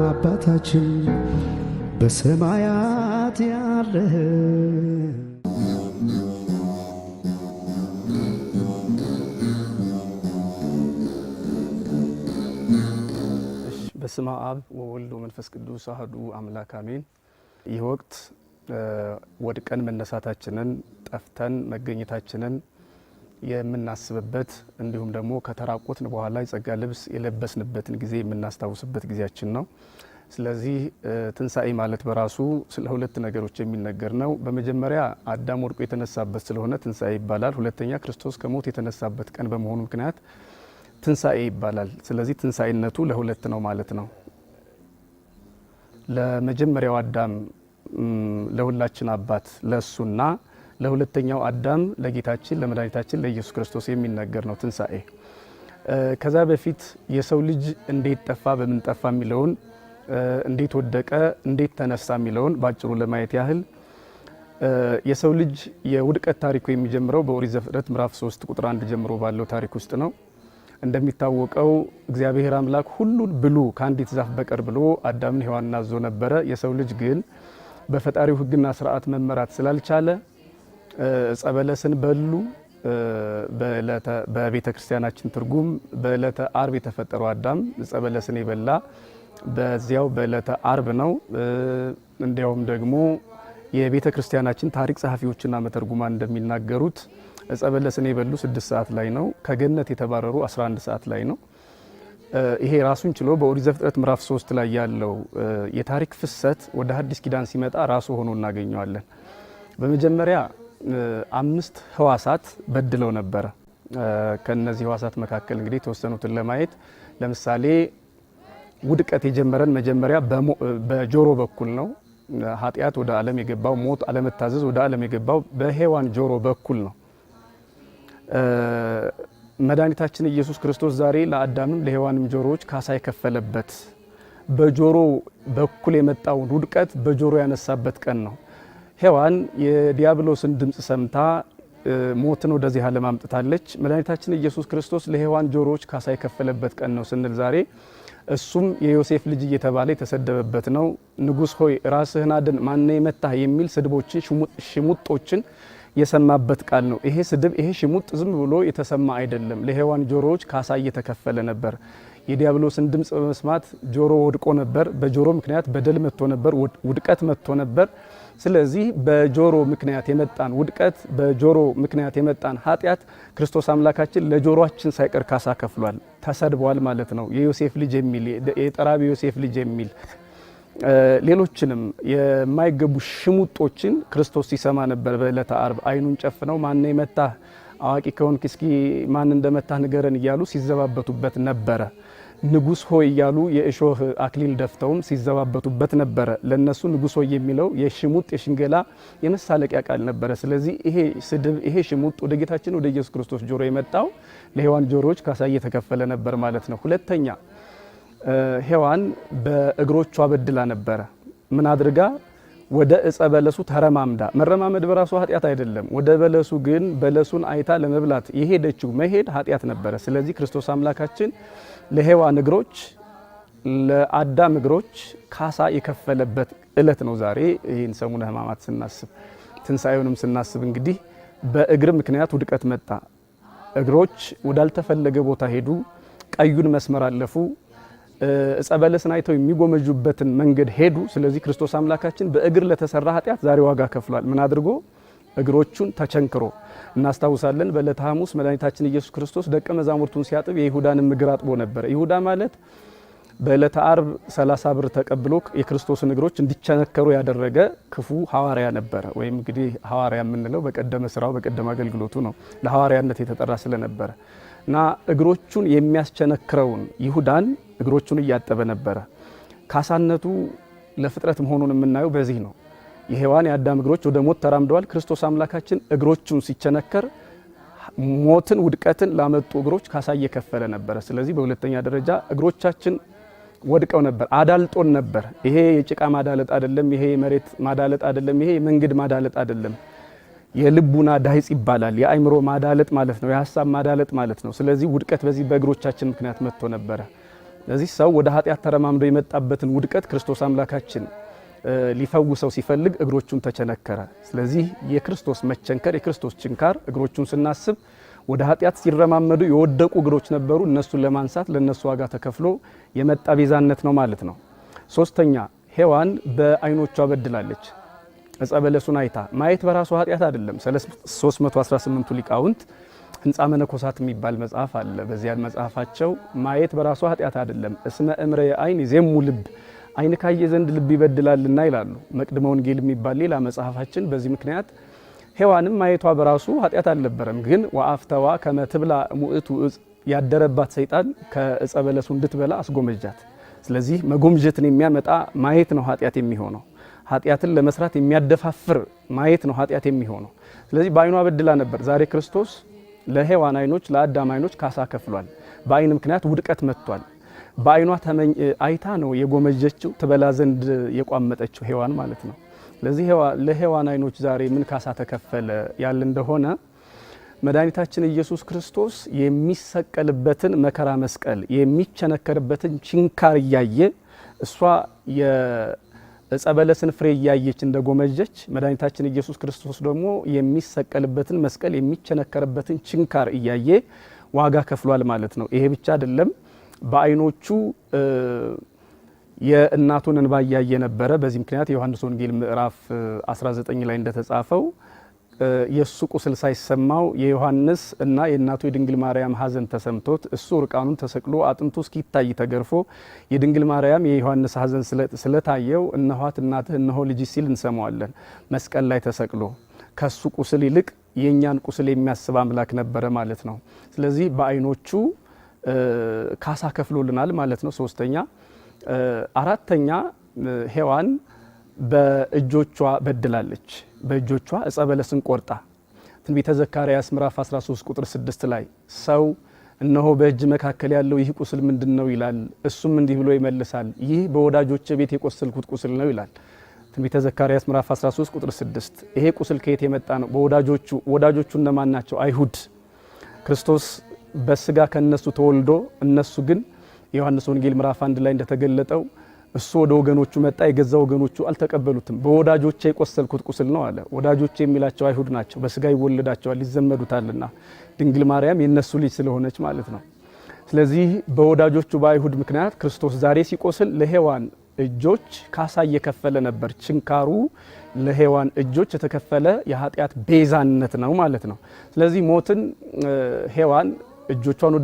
አባታችን በሰማያት ያለህ በስመ አብ ወወልድ ወመንፈስ ቅዱስ አህዱ አምላክ አሜን። ይህ ወቅት ወድቀን መነሳታችንን ጠፍተን መገኘታችንን የምናስብበት እንዲሁም ደግሞ ከተራቆትን በኋላ የጸጋ ልብስ የለበስንበትን ጊዜ የምናስታውስበት ጊዜያችን ነው። ስለዚህ ትንሣኤ ማለት በራሱ ስለ ሁለት ነገሮች የሚነገር ነው። በመጀመሪያ አዳም ወድቆ የተነሳበት ስለሆነ ትንሣኤ ይባላል። ሁለተኛ ክርስቶስ ከሞት የተነሳበት ቀን በመሆኑ ምክንያት ትንሣኤ ይባላል። ስለዚህ ትንሣኤነቱ ለሁለት ነው ማለት ነው። ለመጀመሪያው አዳም ለሁላችን አባት ለእሱና ለሁለተኛው አዳም ለጌታችን ለመድኃኒታችን ለኢየሱስ ክርስቶስ የሚናገር ነው ትንሣኤ። ከዛ በፊት የሰው ልጅ እንዴት ጠፋ፣ በምን ጠፋ የሚለውን እንዴት ወደቀ፣ እንዴት ተነሳ የሚለውን በአጭሩ ለማየት ያህል የሰው ልጅ የውድቀት ታሪኩ የሚጀምረው በኦሪት ዘፍጥረት ምዕራፍ 3 ቁጥር 1 ጀምሮ ባለው ታሪክ ውስጥ ነው። እንደሚታወቀው እግዚአብሔር አምላክ ሁሉን ብሉ ከአንዲት ዛፍ በቀር ብሎ አዳምን ሔዋንን አዞ ነበረ። የሰው ልጅ ግን በፈጣሪው ሕግና ስርዓት መመራት ስላልቻለ ጸበለስን በሉ። በቤተ ክርስቲያናችን ትርጉም በዕለተ አርብ የተፈጠረው አዳም ጸበለስን የበላ በዚያው በዕለተ አርብ ነው። እንዲያውም ደግሞ የቤተ ክርስቲያናችን ታሪክ ጸሐፊዎችና መተርጉማን እንደሚናገሩት ጸበለስን የበሉ ስድስት ሰዓት ላይ ነው። ከገነት የተባረሩ 11 ሰዓት ላይ ነው። ይሄ ራሱን ችሎ በኦሪት ዘፍጥረት ምዕራፍ 3 ላይ ያለው የታሪክ ፍሰት ወደ አዲስ ኪዳን ሲመጣ ራሱ ሆኖ እናገኘዋለን። በመጀመሪያ አምስት ህዋሳት በድለው ነበረ። ከነዚህ ህዋሳት መካከል እንግዲህ የተወሰኑትን ለማየት ለምሳሌ ውድቀት የጀመረን መጀመሪያ በጆሮ በኩል ነው። ኃጢአት ወደ ዓለም የገባው ሞት፣ አለመታዘዝ ወደ ዓለም የገባው በሔዋን ጆሮ በኩል ነው። መድኃኒታችን ኢየሱስ ክርስቶስ ዛሬ ለአዳምም ለሔዋንም ጆሮዎች ካሳ የከፈለበት በጆሮ በኩል የመጣውን ውድቀት በጆሮ ያነሳበት ቀን ነው። ሔዋን የዲያብሎስን ድምፅ ሰምታ ሞትን ወደዚህ ዓለም አምጥታለች። መድኃኒታችን ኢየሱስ ክርስቶስ ለሔዋን ጆሮዎች ካሳ የከፈለበት ቀን ነው ስንል ዛሬ እሱም የዮሴፍ ልጅ እየተባለ የተሰደበበት ነው። ንጉሥ ሆይ ራስህን አድን፣ ማነ የመታህ የሚል ስድቦችን፣ ሽሙጦችን የሰማበት ቃል ነው። ይሄ ስድብ ይሄ ሽሙጥ ዝም ብሎ የተሰማ አይደለም። ለሔዋን ጆሮዎች ካሳ እየተከፈለ ነበር። የዲያብሎስን ድምፅ በመስማት ጆሮ ወድቆ ነበር። በጆሮ ምክንያት በደል መጥቶ ነበር፣ ውድቀት መጥቶ ነበር። ስለዚህ በጆሮ ምክንያት የመጣን ውድቀት፣ በጆሮ ምክንያት የመጣን ኃጢአት ክርስቶስ አምላካችን ለጆሮችን ሳይቀር ካሳ ከፍሏል። ተሰድቧል ማለት ነው። የዮሴፍ ልጅ የሚል የጠራቢ ዮሴፍ ልጅ የሚል ሌሎችንም የማይገቡ ሽሙጦችን ክርስቶስ ሲሰማ ነበር። በዕለተ አርብ አይኑን ጨፍነው ማን የመታህ አዋቂ ከሆንክ እስኪ ማን እንደመታህ ንገረን እያሉ ሲዘባበቱበት ነበረ። ንጉስ ሆይ እያሉ የእሾህ አክሊል ደፍተውም ሲዘባበቱበት ነበረ። ለነሱ ንጉስ ሆይ የሚለው የሽሙጥ የሽንገላ የመሳለቂያ ቃል ነበረ። ስለዚህ ይሄ ስድብ ይሄ ሽሙጥ ወደ ጌታችን ወደ ኢየሱስ ክርስቶስ ጆሮ የመጣው ለሔዋን ጆሮዎች ካሳ እየተከፈለ ነበር ማለት ነው። ሁለተኛ ሔዋን በእግሮቿ በድላ ነበረ። ምን አድርጋ ወደ እጸ በለሱ ተረማምዳ። መረማመድ በራሱ ኃጢአት አይደለም። ወደ በለሱ ግን በለሱን አይታ ለመብላት የሄደችው መሄድ ኃጢአት ነበረ። ስለዚህ ክርስቶስ አምላካችን ለሔዋን እግሮች ለአዳም እግሮች ካሳ የከፈለበት እለት ነው ዛሬ። ይህን ሰሙነ ህማማት ስናስብ ትንሣኤውንም ስናስብ እንግዲህ በእግር ምክንያት ውድቀት መጣ። እግሮች ወዳልተፈለገ ቦታ ሄዱ፣ ቀዩን መስመር አለፉ፣ ዕፀ በለስን አይተው የሚጎመጁበትን መንገድ ሄዱ። ስለዚህ ክርስቶስ አምላካችን በእግር ለተሰራ ኃጢአት ዛሬ ዋጋ ከፍሏል። ምን አድርጎ እግሮቹን ተቸንክሮ እናስታውሳለን። በዕለተ ሐሙስ መድኃኒታችን ኢየሱስ ክርስቶስ ደቀ መዛሙርቱን ሲያጥብ የይሁዳንም እግር አጥቦ ነበረ። ይሁዳ ማለት በዕለተ አርብ 30 ብር ተቀብሎ የክርስቶስን እግሮች እንዲቸነከሩ ያደረገ ክፉ ሐዋርያ ነበረ። ወይም እንግዲህ ሐዋርያ የምንለው በቀደመ ስራው በቀደመ አገልግሎቱ ነው። ለሐዋርያነት የተጠራ ስለነበረ እና እግሮቹን የሚያስቸነክረውን ይሁዳን እግሮቹን እያጠበ ነበረ። ካሳነቱ ለፍጥረት መሆኑን የምናየው በዚህ ነው። የሔዋን የአዳም እግሮች ወደ ሞት ተራምደዋል። ክርስቶስ አምላካችን እግሮቹን ሲቸነከር ሞትን፣ ውድቀትን ላመጡ እግሮች ካሳ እየከፈለ ነበረ። ስለዚህ በሁለተኛ ደረጃ እግሮቻችን ወድቀው ነበር፣ አዳልጦን ነበር። ይሄ የጭቃ ማዳለጥ አይደለም፣ ይሄ የመሬት ማዳለጥ አይደለም፣ ይሄ የመንገድ ማዳለጥ አይደለም። የልቡና ዳይጽ ይባላል። የአይምሮ ማዳለጥ ማለት ነው፣ የሀሳብ ማዳለጥ ማለት ነው። ስለዚህ ውድቀት በዚህ በእግሮቻችን ምክንያት መጥቶ ነበረ። ስለዚህ ሰው ወደ ኃጢአት ተረማምዶ የመጣበትን ውድቀት ክርስቶስ አምላካችን ሊፈውሰው ሲፈልግ እግሮቹን ተቸነከረ። ስለዚህ የክርስቶስ መቸንከር የክርስቶስ ችንካር እግሮቹን ስናስብ ወደ ኃጢአት ሲረማመዱ የወደቁ እግሮች ነበሩ። እነሱን ለማንሳት ለእነሱ ዋጋ ተከፍሎ የመጣ ቤዛነት ነው ማለት ነው። ሶስተኛ ሔዋን በአይኖቿ በድላለች። ዕፀ በለሱን አይታ ማየት በራሱ ኃጢአት አይደለም። 318ቱ ሊቃውንት ህንፃ መነኮሳት የሚባል መጽሐፍ አለ። በዚያን መጽሐፋቸው ማየት በራሱ ኃጢአት አይደለም፣ እስመ እምረ የአይን ዜሙ ልብ አይን ካየ ዘንድ ልብ ይበድላልና ይላሉ። መቅድመ ወንጌል የሚባል ሌላ መጽሐፋችን በዚህ ምክንያት ሔዋንም ማየቷ በራሱ ኃጢአት አልነበረም። ግን ወአፍተዋ ከመትብላ ሙእቱ እጽ ያደረባት ሰይጣን ከእጸ በለሱ እንድትበላ አስጎመጃት። ስለዚህ መጎምጀትን የሚያመጣ ማየት ነው ኃጢአት የሚሆነው። ኃጢአትን ለመስራት የሚያደፋፍር ማየት ነው ኃጢአት የሚሆነው። ስለዚህ በአይኗ በድላ ነበር። ዛሬ ክርስቶስ ለሔዋን አይኖች ለአዳም አይኖች ካሳ ከፍሏል። በአይን ምክንያት ውድቀት መጥቷል። በአይኗ አይታ ነው የጎመጀችው ትበላ ዘንድ የቋመጠችው ሔዋን ማለት ነው። ለዚህ ለሔዋን አይኖች ዛሬ ምን ካሳ ተከፈለ ያል እንደሆነ መድኃኒታችን ኢየሱስ ክርስቶስ የሚሰቀልበትን መከራ መስቀል የሚቸነከርበትን ችንካር እያየ እሷ የጸበለስን ፍሬ እያየች እንደ ጎመጀች መድኃኒታችን ኢየሱስ ክርስቶስ ደግሞ የሚሰቀልበትን መስቀል የሚቸነከርበትን ችንካር እያየ ዋጋ ከፍሏል ማለት ነው። ይሄ ብቻ አይደለም። በአይኖቹ የእናቱን እንባ እያየ ነበረ። በዚህ ምክንያት የዮሐንስ ወንጌል ምዕራፍ 19 ላይ እንደተጻፈው የእሱ ቁስል ሳይሰማው የዮሐንስ እና የእናቱ የድንግል ማርያም ሐዘን ተሰምቶት እሱ እርቃኑን ተሰቅሎ አጥንቱ እስኪታይ ተገርፎ የድንግል ማርያም የዮሐንስ ሐዘን ስለታየው እነኋት እናትህ እነሆ ልጅ ሲል እንሰማዋለን። መስቀል ላይ ተሰቅሎ ከሱ ቁስል ይልቅ የእኛን ቁስል የሚያስብ አምላክ ነበረ ማለት ነው። ስለዚህ በአይኖቹ ካሳ ከፍሎልናል ማለት ነው። ሶስተኛ አራተኛ ሔዋን በእጆቿ በድላለች። በእጆቿ እጸ በለስን ቆርጣ ትንቢተ ዘካርያስ ምዕራፍ 13 ቁጥር 6 ላይ ሰው እነሆ በእጅ መካከል ያለው ይህ ቁስል ምንድን ነው ይላል። እሱም እንዲህ ብሎ ይመልሳል፣ ይህ በወዳጆች ቤት የቆሰልኩት ቁስል ነው ይላል። ትንቢተ ዘካርያስ ምዕራፍ 13 ቁጥር 6 ይሄ ቁስል ከየት የመጣ ነው? በወዳጆቹ ወዳጆቹ እነማን ናቸው? አይሁድ ክርስቶስ በስጋ ከነሱ ተወልዶ እነሱ ግን የዮሐንስ ወንጌል ምዕራፍ አንድ ላይ እንደተገለጠው እሱ ወደ ወገኖቹ መጣ፣ የገዛ ወገኖቹ አልተቀበሉትም። በወዳጆቼ የቆሰልኩት ቁስል ነው አለ። ወዳጆቼ የሚላቸው አይሁድ ናቸው፣ በስጋ ይወለዳቸዋል ይዘመዱታልና፣ ድንግል ማርያም የእነሱ ልጅ ስለሆነች ማለት ነው። ስለዚህ በወዳጆቹ በአይሁድ ምክንያት ክርስቶስ ዛሬ ሲቆስል ለሔዋን እጆች ካሳ እየከፈለ ነበር። ችንካሩ ለሔዋን እጆች የተከፈለ የኃጢአት ቤዛነት ነው ማለት ነው። ስለዚህ ሞትን ሔዋን እጆቿን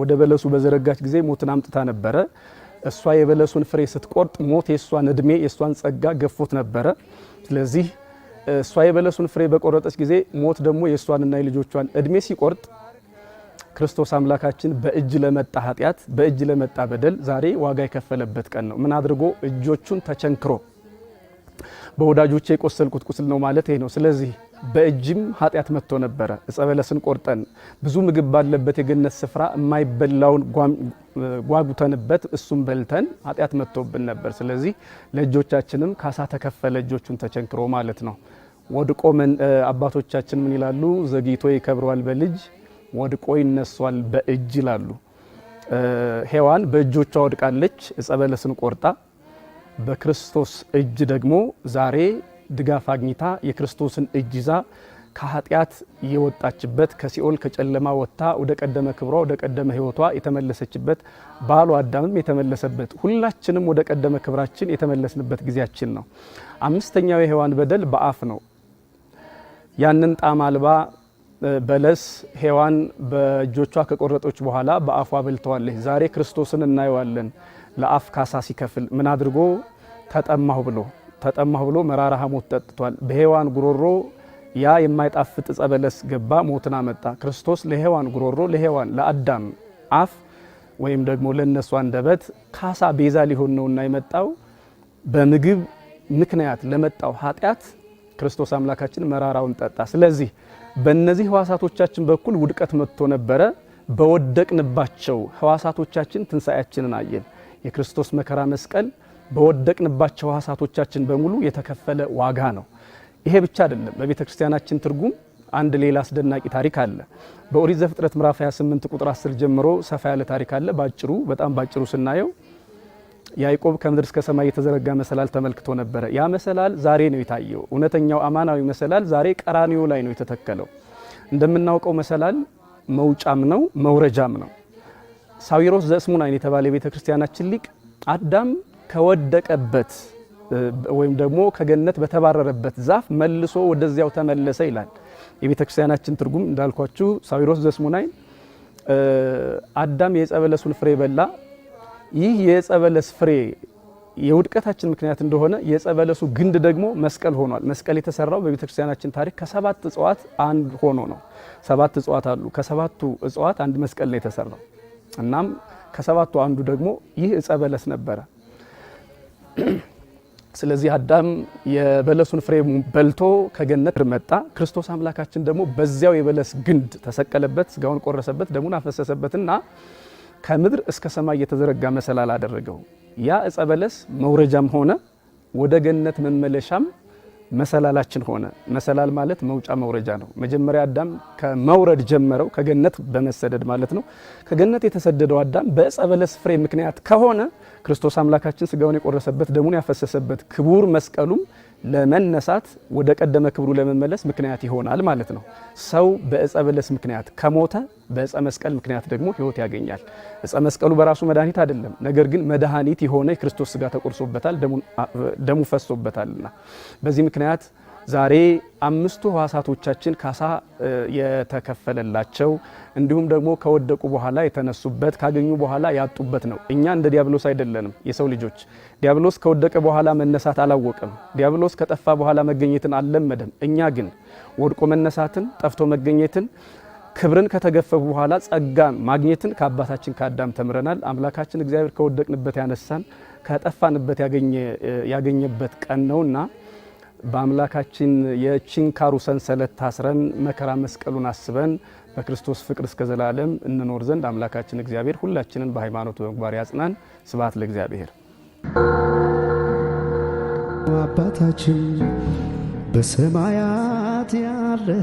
ወደ በለሱ በዘረጋች ጊዜ ሞትን አምጥታ ነበረ። እሷ የበለሱን ፍሬ ስትቆርጥ ሞት የእሷን እድሜ የእሷን ጸጋ ገፎት ነበረ። ስለዚህ እሷ የበለሱን ፍሬ በቆረጠች ጊዜ ሞት ደግሞ የእሷንና የልጆቿን እድሜ ሲቆርጥ ክርስቶስ አምላካችን በእጅ ለመጣ ኃጢአት በእጅ ለመጣ በደል ዛሬ ዋጋ የከፈለበት ቀን ነው። ምን አድርጎ እጆቹን ተቸንክሮ በወዳጆቼ የቆሰልኩት ቁስል ነው ማለት ይሄ ነው። ስለዚህ በእጅም ኃጢአት መጥቶ ነበረ። እጸ በለስን ቆርጠን ብዙ ምግብ ባለበት የገነት ስፍራ የማይበላውን ጓጉተንበት እሱም በልተን ኃጢአት መጥቶብን ነበር። ስለዚህ ለእጆቻችንም ካሳ ተከፈለ፣ እጆቹን ተቸንክሮ ማለት ነው። ወድቆ አባቶቻችን ምን ይላሉ? ዘግይቶ ይከብረዋል በልጅ ወድቆ ይነሷል በእጅ ይላሉ። ሔዋን በእጆቿ ወድቃለች፣ እጸ በለስን ቆርጣ በክርስቶስ እጅ ደግሞ ዛሬ ድጋፍ አግኝታ የክርስቶስን እጅ ይዛ ከኃጢአት የወጣችበት ከሲኦል ከጨለማ ወጥታ ወደ ቀደመ ክብሯ ወደ ቀደመ ሕይወቷ የተመለሰችበት ባሉ አዳምም የተመለሰበት ሁላችንም ወደ ቀደመ ክብራችን የተመለስንበት ጊዜያችን ነው። አምስተኛው የሔዋን በደል በአፍ ነው። ያንን ጣዕም አልባ በለስ ሔዋን በእጆቿ ከቆረጦች በኋላ በአፏ በልተዋለች። ዛሬ ክርስቶስን እናየዋለን። ለአፍ ካሳ ሲከፍል ምን አድርጎ ተጠማሁ ብሎ ተጠማሁ ብሎ መራራ ሐሞት ጠጥቷል። በሔዋን ጉሮሮ ያ የማይጣፍጥ ጸበለስ ገባ፣ ሞትን አመጣ። ክርስቶስ ለሔዋን ጉሮሮ ለሔዋን ለአዳም አፍ ወይም ደግሞ ለእነሱ አንደበት ካሳ ቤዛ ሊሆን ነውና የመጣው በምግብ ምክንያት ለመጣው ኃጢአት ክርስቶስ አምላካችን መራራውን ጠጣ። ስለዚህ በእነዚህ ህዋሳቶቻችን በኩል ውድቀት መጥቶ ነበረ። በወደቅንባቸው ህዋሳቶቻችን ትንሣኤያችንን አየን። የክርስቶስ መከራ መስቀል በወደቅንባቸው ሀሳቶቻችን በሙሉ የተከፈለ ዋጋ ነው። ይሄ ብቻ አይደለም። በቤተ ክርስቲያናችን ትርጉም አንድ ሌላ አስደናቂ ታሪክ አለ። በኦሪት ዘፍጥረት ምዕራፍ 28 ቁጥር 10 ጀምሮ ሰፋ ያለ ታሪክ አለ። ባጭሩ በጣም ባጭሩ ስናየው ያዕቆብ ከምድር እስከ ሰማይ የተዘረጋ መሰላል ተመልክቶ ነበረ። ያ መሰላል ዛሬ ነው የታየው። እውነተኛው አማናዊ መሰላል ዛሬ ቀራኒዮ ላይ ነው የተተከለው። እንደምናውቀው መሰላል መውጫም ነው መውረጃም ነው። ሳዊሮስ ዘእስሙናይን የተባለ የቤተ ክርስቲያናችን ሊቅ አዳም ከወደቀበት ወይም ደግሞ ከገነት በተባረረበት ዛፍ መልሶ ወደዚያው ተመለሰ ይላል የቤተ ክርስቲያናችን ትርጉም። እንዳልኳችሁ ሳዊሮስ ዘእስሙናይን አዳም የጸበለሱን ፍሬ በላ። ይህ የጸበለስ ፍሬ የውድቀታችን ምክንያት እንደሆነ የጸበለሱ ግንድ ደግሞ መስቀል ሆኗል። መስቀል የተሰራው በቤተ ክርስቲያናችን ታሪክ ከሰባት እጽዋት አንድ ሆኖ ነው። ሰባት እጽዋት አሉ። ከሰባቱ እጽዋት አንድ መስቀል ነው የተሰራው። እናም ከሰባቱ አንዱ ደግሞ ይህ እጸ በለስ ነበረ። ስለዚህ አዳም የበለሱን ፍሬ በልቶ ከገነት መጣ። ክርስቶስ አምላካችን ደግሞ በዚያው የበለስ ግንድ ተሰቀለበት፣ ስጋውን ቆረሰበት፣ ደሙን አፈሰሰበትና ከምድር እስከ ሰማይ የተዘረጋ መሰላል አደረገው። ያ እጸ በለስ መውረጃም ሆነ ወደ ገነት መመለሻም መሰላላችን ሆነ። መሰላል ማለት መውጫ መውረጃ ነው። መጀመሪያ አዳም ከመውረድ ጀመረው ከገነት በመሰደድ ማለት ነው። ከገነት የተሰደደው አዳም በዕፀ በለስ ፍሬ ምክንያት ከሆነ ክርስቶስ አምላካችን ስጋውን የቆረሰበት ደሙን ያፈሰሰበት ክቡር መስቀሉም ለመነሳት ወደ ቀደመ ክብሩ ለመመለስ ምክንያት ይሆናል ማለት ነው። ሰው በእፀ በለስ ምክንያት ከሞተ በእፀ መስቀል ምክንያት ደግሞ ሕይወት ያገኛል። እፀ መስቀሉ በራሱ መድኃኒት አይደለም፣ ነገር ግን መድኃኒት የሆነ የክርስቶስ ስጋ ተቆርሶበታል፣ ደሙ ፈሶበታልና በዚህ ምክንያት ዛሬ አምስቱ ህዋሳቶቻችን ካሳ የተከፈለላቸው እንዲሁም ደግሞ ከወደቁ በኋላ የተነሱበት ካገኙ በኋላ ያጡበት ነው። እኛ እንደ ዲያብሎስ አይደለንም። የሰው ልጆች ዲያብሎስ ከወደቀ በኋላ መነሳት አላወቅም ዲያብሎስ ከጠፋ በኋላ መገኘትን አልለመደም። እኛ ግን ወድቆ መነሳትን፣ ጠፍቶ መገኘትን ክብርን ከተገፈፉ በኋላ ጸጋን ማግኘትን ከአባታችን ከአዳም ተምረናል። አምላካችን እግዚአብሔር ከወደቅንበት ያነሳን ከጠፋንበት ያገኘበት ቀን ነውና በአምላካችን የችንካሩ ሰንሰለት ታስረን መከራ መስቀሉን አስበን በክርስቶስ ፍቅር እስከ ዘላለም እንኖር ዘንድ አምላካችን እግዚአብሔር ሁላችንን በሃይማኖት በምግባር ያጽናን። ስብሐት ለእግዚአብሔር። አባታችን በሰማያት ያለ